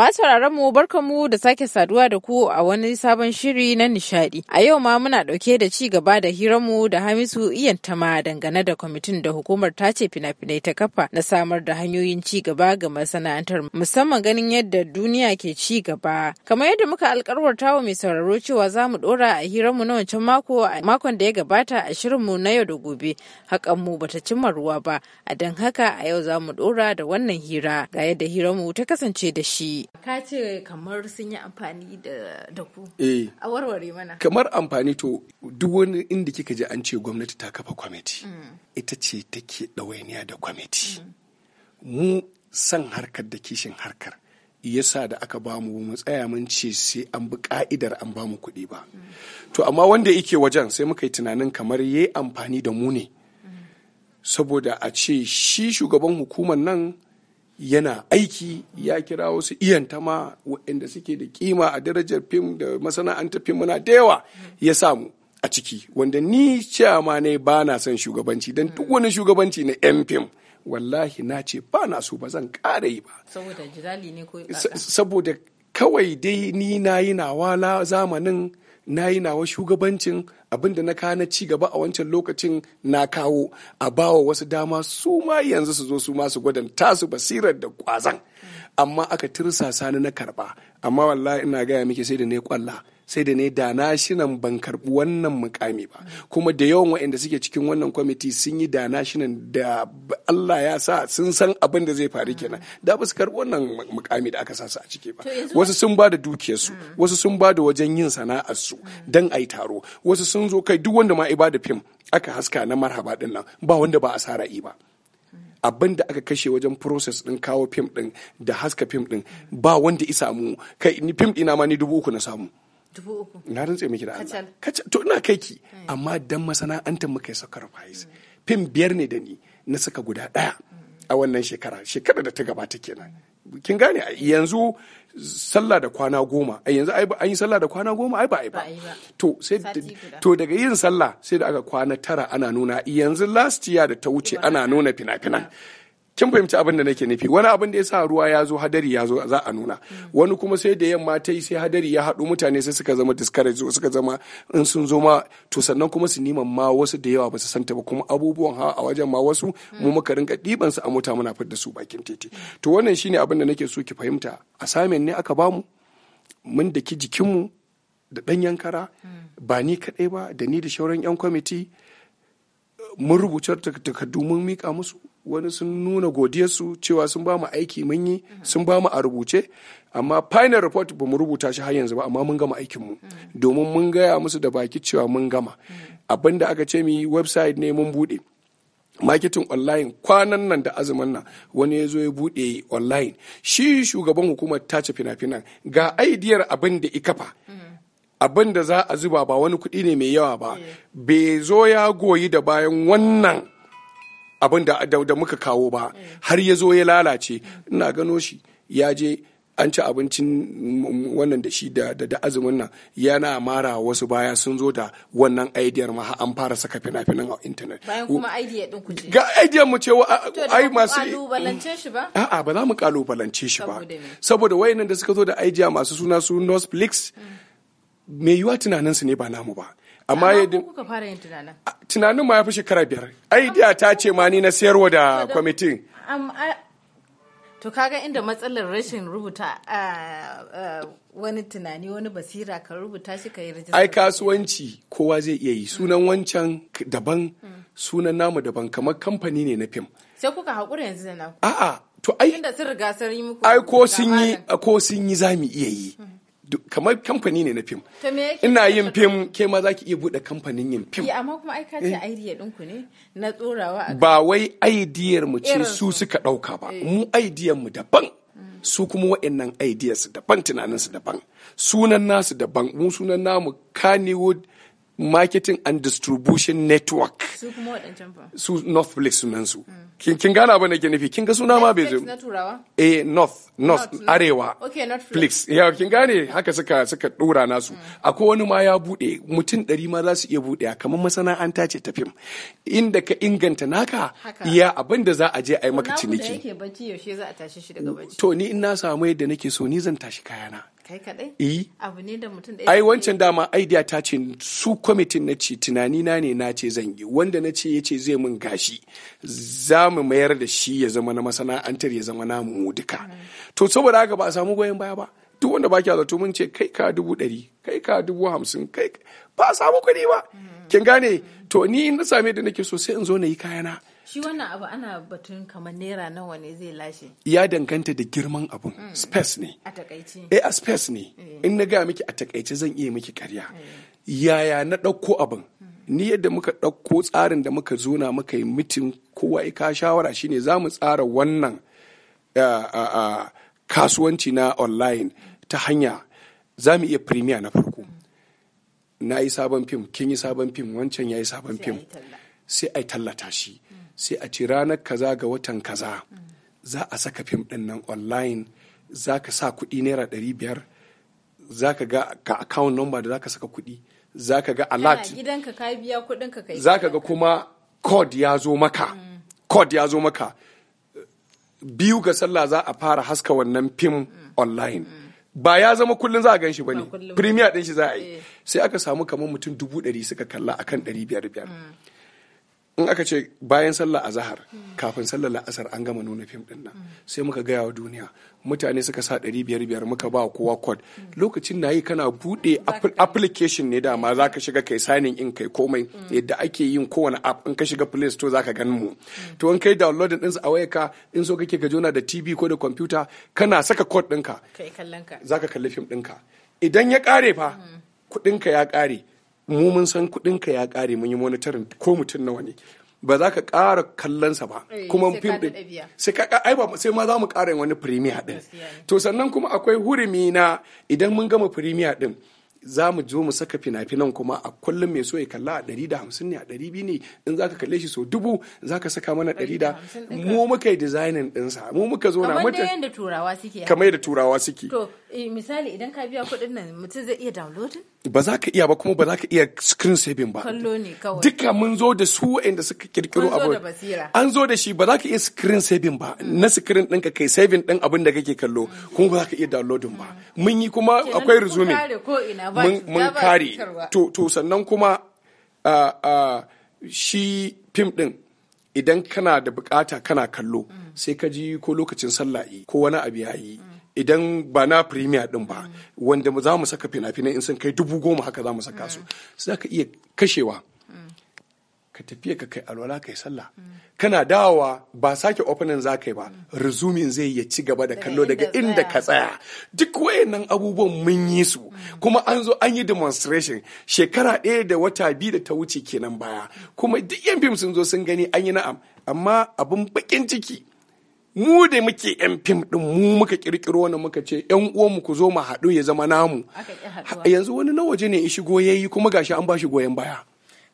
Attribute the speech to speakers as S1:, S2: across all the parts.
S1: Masu mu barkanmu da sake saduwa da ku a wani sabon shiri na nishadi. A yau ma muna ɗauke da ci gaba da hiranmu da Hamisu Iyan Tama dangane da kwamitin da hukumar ta ce fina-finai ta kafa na samar da hanyoyin ci gaba ga masana'antar musamman ganin yadda duniya ke ci gaba. Kamar yadda muka alkarwarta wa mai sauraro cewa za mu ɗora a hiranmu na wancan mako a makon da ya gabata a shirinmu na yau da gobe. Hakanmu bata cimma ruwa ba, a don haka a yau za mu ɗora da wannan hira ga yadda hiranmu ta kasance da shi. Ka ce kamar sun yi amfani da ku. Eh. A warware mana. Kamar
S2: amfani to duk wani inda kika ji an ce gwamnati ta kafa kwamiti. Mm. Ita ce take ɗawainiya da kwamiti. Mm. Mu san harkar da kishin harkar. yasa da aka bamu mu tsaya mun ce sai an bi ka'idar an bamu kuɗi ba mm. to amma wanda yake wajen sai muka yi tunanin kamar yayi amfani da mu ne saboda a ce shi shugaban hukumar nan yana aiki ya kira wasu iyanta ma waɗanda suke da kima a darajar fim da masana'antar fim muna da yawa ya samu a ciki wanda ni cewa ne ba na son shugabanci don duk wani shugabanci na yan fim wallahi na ce ba na so ba zan ƙara yi ba
S1: saboda jirali ne ko
S2: saboda kawai dai ni na yi nawa zamanin na yi nawa shugabancin abin da na kana na ci gaba a wancan lokacin na kawo a bawa wasu dama su ma yanzu su zo su ma su gwadon tasu basirar da kwazan amma aka tirsasa sani na karba amma wallahi ina gaya miki sai da ne kwalla sai da ne da na shinan ban karɓi wannan mukami ba kuma da yawan waɗanda suke cikin wannan kwamiti sun yi da na shinan da Allah ya sa sun san abin da zai faru kenan da ba su karɓi wannan mukami da aka sa su a ciki ba wasu sun ba da dukiyarsu wasu sun ba da wajen yin sana'arsu dan ayi taro wasu sun zo kai duk wanda ma ya ba da fim aka haska na marhaba din nan ba wanda ba a sa ba abin da aka kashe wajen process din kawo fim din da haska fim din ba wanda isa samu kai ni fim dina ma ni dubu uku na samu na rantse miki da Allah kacal to ina kai ki amma dan masana'antar muka yi sakar fayis fim biyar ne da ni na saka guda ɗaya a wannan shekara shekara da ta gabata kenan kin gane yanzu sallah da kwana goma a yanzu an yi sallah da kwana goma ai ba ai ba to to daga yin sallah sai da aka kwana tara ana nuna yanzu last year da ta wuce ana nuna fina-finan kin fahimci abin da nake nufi wani abin da ya sa ruwa ya zo hadari ya zo za a nuna wani kuma sai da yamma ta yi sai hadari ya haɗu mutane sai suka zama discourage suka zama in sun zo ma to sannan kuma su neman ma wasu da yawa ba su santa ba kuma abubuwan ha a wajen ma wasu mu muka rinka ɗiban su a mota muna fitar da su bakin titi to wannan shine abin da nake so ki fahimta a samin ne aka bamu mun da ki jikinmu da dan yankara ba ni kaɗai ba da ni da shauran 'yan kwamiti mun rubuta takardu mun mika musu wani sun nuna godiyarsu cewa sun ba mu aiki mun yi sun ba mu a rubuce amma final report ba mu rubuta shi har yanzu ba amma mun gama aikin mu domin mun gaya musu da baki cewa mun gama abin aka ce mi website ne mun bude marketing online kwanan nan da azumin nan wani ya zo ya bude online shi shugaban hukumar tace fina-finan ga aidiyar abin da ikafa abin da za a zuba ba wani kuɗi ne mai yawa ba eh. bai zo ya goyi da bayan wannan abin da, muka kawo ba har ya zo ya lalace ina gano shi ya je an ci abincin wannan da shi da, azumin nan yana mara wasu baya sun zo da wannan aidiyar ma an fara saka fina-finan a intanet bayan kuma aidiyar din ku ga aidiyar mu ce ai masu kalubalance shi ba a'a ba za mu kalubalance shi ba saboda wayannan da suka zo da aidiya masu suna su Netflix mai yiwa tunaninsu ne ba namu ba amma ya din kuka
S1: fara yin tunanin
S2: tunanin ma ya fi shekara biyar idea ta ce ma ni na sayarwa da kwamitin
S1: to kaga inda matsalar rashin rubuta wani tunani wani basira ka rubuta shi ka yi rajista ai
S2: kasuwanci kowa zai iya yi sunan wancan daban hmm. sunan namu daban kamar kamfani ne na fim
S1: sai kuka haƙura yanzu da naku
S2: a'a to ai
S1: inda sun riga sun yi muku
S2: ai ko sun yi ko sun yi zamu iya yi hmm. kamar kamfani ne na fim ina yin fim ke ma za ki iya buɗe kamfanin yin fim amma
S1: kuma ai ce eh. idea ɗinku ne na tsorawa
S2: ba wai aidiyar mu ce su suka ɗauka ba eh. mu aidiyar mu daban su kuma wa'annan ideas daban tunaninsu daban sunan nasu daban mu sunan namu Kannywood marketing and distribution network su north place sunan su kin gana ba da ke nufi kin ga suna ma bai zai turawa eh north north arewa okay north place ya kin gane haka suka suka dora nasu akwai wani ma ya bude mutum ɗari ma za su iya bude kamar masana'anta ce ta fim inda ka inganta naka iya abin da za a je a yi maka ciniki to ni in na samu yadda nake so ni zan tashi kayana
S1: kai kadai eh. abu ne da mutum da ai wancan
S2: dama idea ta ce su kwamitin na ce tunani na ne na ce zan yi wanda na ce yace zai mun gashi za mu mayar da shi ya zama na masana'antar ya zama namu mu duka to saboda haka ba a samu goyon baya ba duk wanda baki zato mun ce kai ka dubu ɗari kai ka dubu hamsin kai ba a samu kuɗi ba mm. kin gane to ni na same da nake so sai in zo na yi kayana
S1: shi wannan abu ana batun kamar naira nawa ne zai lashe
S2: ya danganta da girman abun mm. space ne a takaice eh a space ne eh. in na gaya miki a takaice zan iya miki karya eh. yaya na ɗauko abun mm. ni yadda muka ɗauko tsarin da muka zona muka yi mitin kowa ka shawara shine za mu tsara wannan kasuwanci na online ta hanya za mu iya premier na farko mm. na yi sabon fim kin yi sabon fim wancan ya yi sabon fim sai a tallata shi sai a ci ranar kaza ga watan kaza za a saka fim ɗin nan online za ka sa kuɗi naira ɗari biyar za ka ga ka account number da za ka saka kuɗi za ka ga alert za ka ga kuma code ya zo maka code ya zo maka biyu ga sallah za a fara haska wannan fim online ba ya zama kullum za a gan shi ba ne premier ɗin shi za a yi eh. sai aka samu kamar mutum dubu ɗari suka kalla akan ɗari biyar biyar in aka ce bayan sallah azahar kafin sallar la'asar an gama nuna fim din nan sai muka gaya wa duniya mutane suka sa ɗari biyar biyar muka ba kowa code lokacin na yi kana bude. application ne dama za ka shiga kai signing in kai komai yadda ake yin kowane app in ka shiga play store za ka gan mu to in kai download din a wayarka in so kake ka jona da tv ko da computer kana saka code ɗinka za ka kalli fim ɗinka idan ya kare fa mm. ka ya kare. mu mun san kuɗin ka ya kare mun yi monitoring ko mutum nawa ne ba za ka ƙara kallonsa ba eh, kuma fim din sai ka ai ba sai ma za mu ƙara wani premier din to sannan kuma akwai hurumi na idan mun gama premier din za mu zo mu saka fina-finan kuma a kullum mai so ya kalla a ɗari da hamsin ne a ɗari biyu ne in za ka kalle shi so dubu za ka saka mana ɗari da mu muka yi dizainin ɗinsa mu muka zo na mutum kamar
S1: yadda turawa suke kamar
S2: yadda turawa suke
S1: to eh, misali idan ka biya kuɗin nan mutum zai iya downloading
S2: ba za ka iya ba kuma ba za ka iya screen saving ba
S1: kallo ne kawai duka
S2: mun zo da su waɗanda suka kirkiro abu an zo da shi ba za ka iya screen saving ba mm. na screen din ka kai saving ɗin abin da kake kallo kuma ba za ka iya downloading ba mm. mun yi kuma akwai resuming
S1: mun kare to
S2: sannan kuma shi fim din idan kana da bukata kana kallo sai ka ji ko lokacin sallah ko wani abu ya yi idan ba na premier din ba wanda za mu saka fina-finai in sun kai dubu goma haka za mu saka su za ka iya kashewa ka tafiya ka kai alwala kai sallah kana dawowa ba sake opening za ka yi ba rizumin zai ya ci gaba da kallo daga inda ka tsaya duk wayannan abubuwan mun yi su kuma an zo an yi demonstration shekara ɗaya da wata biyu da ta wuce kenan baya kuma duk yan fim sun zo sun gani an yi na'am amma abin bakin ciki mu da muke yan fim ɗin mu muka ƙirƙiro wani muka ce yan uwanmu ku zo mu haɗu ya zama namu yanzu wani na waje ne ya shigo yi kuma gashi an ba shi goyon baya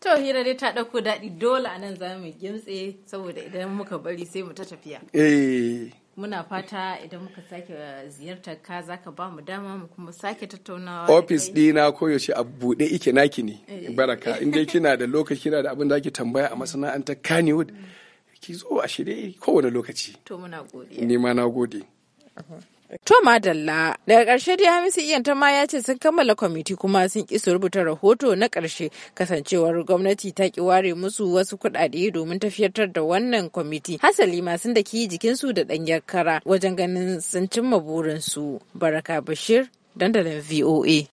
S1: To hira dai ta ɗauko daɗi dole a nan za mu gimtse saboda idan muka bari sai mu ta tafiya.
S2: Eh.
S1: Muna fata idan muka sake eh, ziyartar ka za ka ba mu dama mu kuma sake tattaunawa. Ofis
S2: ɗina koyaushe a buɗe ike naki ne. Eh. Baraka in dai kina da lokaci kina da abin da ake tambaya a mm. masana'antar Kannywood. Ki zo a shirye kowane lokaci. To muna gode. Ni ma na gode. Uh-huh. To Madalla,
S1: daga ƙarshe dai Hamisu Iyan ta ma ya ce sun kammala kwamiti kuma sun ƙi su rubuta rahoto na ƙarshe kasancewar gwamnati ta ki ware musu wasu kuɗaɗe domin tafiyartar da wannan kwamiti. Hasali masu sun da ki jikinsu da ɗanyar kara wajen ganin sun cimma burinsu. Baraka Bashir, dandalin VOA.